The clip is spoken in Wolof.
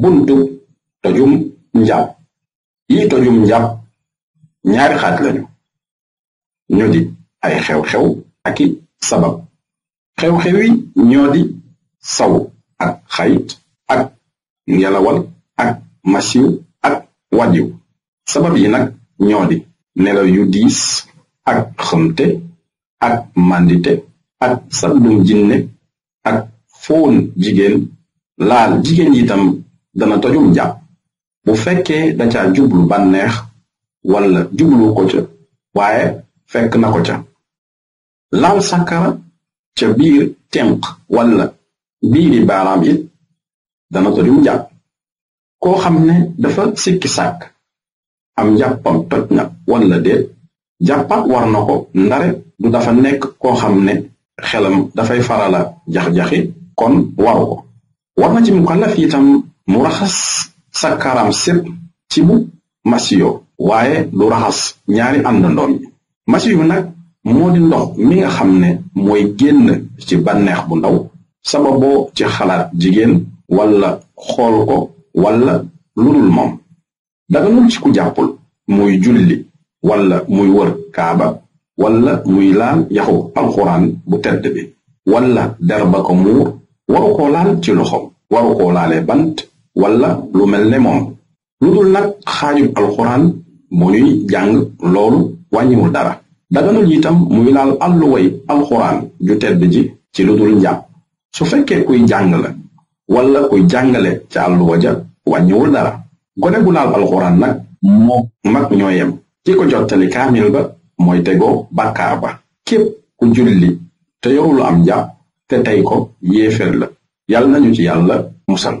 buntu tojum njàpp yi tojum njàpp ñaari xaaj lañu ñoo di ay xew-xew aki sabab xew-xew yi ñoo di saw ak xayit ak ngelawal ak masiw ak wajiw sabab yi nag ñoo di nelaw yu diis ak xëmte ak màndite ak sallum jinne ak foon jigéen laal jigéen yitam dana tojum jàpp bu fekkee da ca jublu bànneex wala jublu ko ca waaye fekk na ko ca laal sàkkara ca biir tenq wala biiri baaraam it dana tojum jàpp koo xam ne dafa sikki sàkk am jàppam toj na wala déet jàppaat war na ko ndare du dafa nekk koo xam ne xelam dafay farala jax-jaxi kon waru ko war ci mukallaf itam mu raxas sa karam sépp ci bu masiyo waaye du raxas ñaari àndandoom yi masiyo nag moo di ndox mi nga xam ne mooy génn ci bànneex bu ndaw sababoo ci xalaat jigéen wala xool ko wala lu dul moom daga daganul ci ku jàppul muy julli wala muy wër kaaba wala muy laal yaxu alxuraan bu tedd bi wala der ko muur waru ko laal ci loxom waru ko laale bant wala lu mel ne moom lu dul nag xaajum alxuraan mu ñuy jàng loolu wàññiwul dara daganul itam muy laal àlluway alxuraan ju tedd ji ci lu dul njàpp su fekkee kuy jàng la wala kuy jàngale ca àlluwa ja wàññiwul dara gone gu laal alxuraan nag moo mag ñoo yem ki ko jottali kaamil ba mooy tegoo bàkkaar ba képp ku julli te yorulu am njàpp te tey ko yéefér la yàlla nañu ci yàlla musal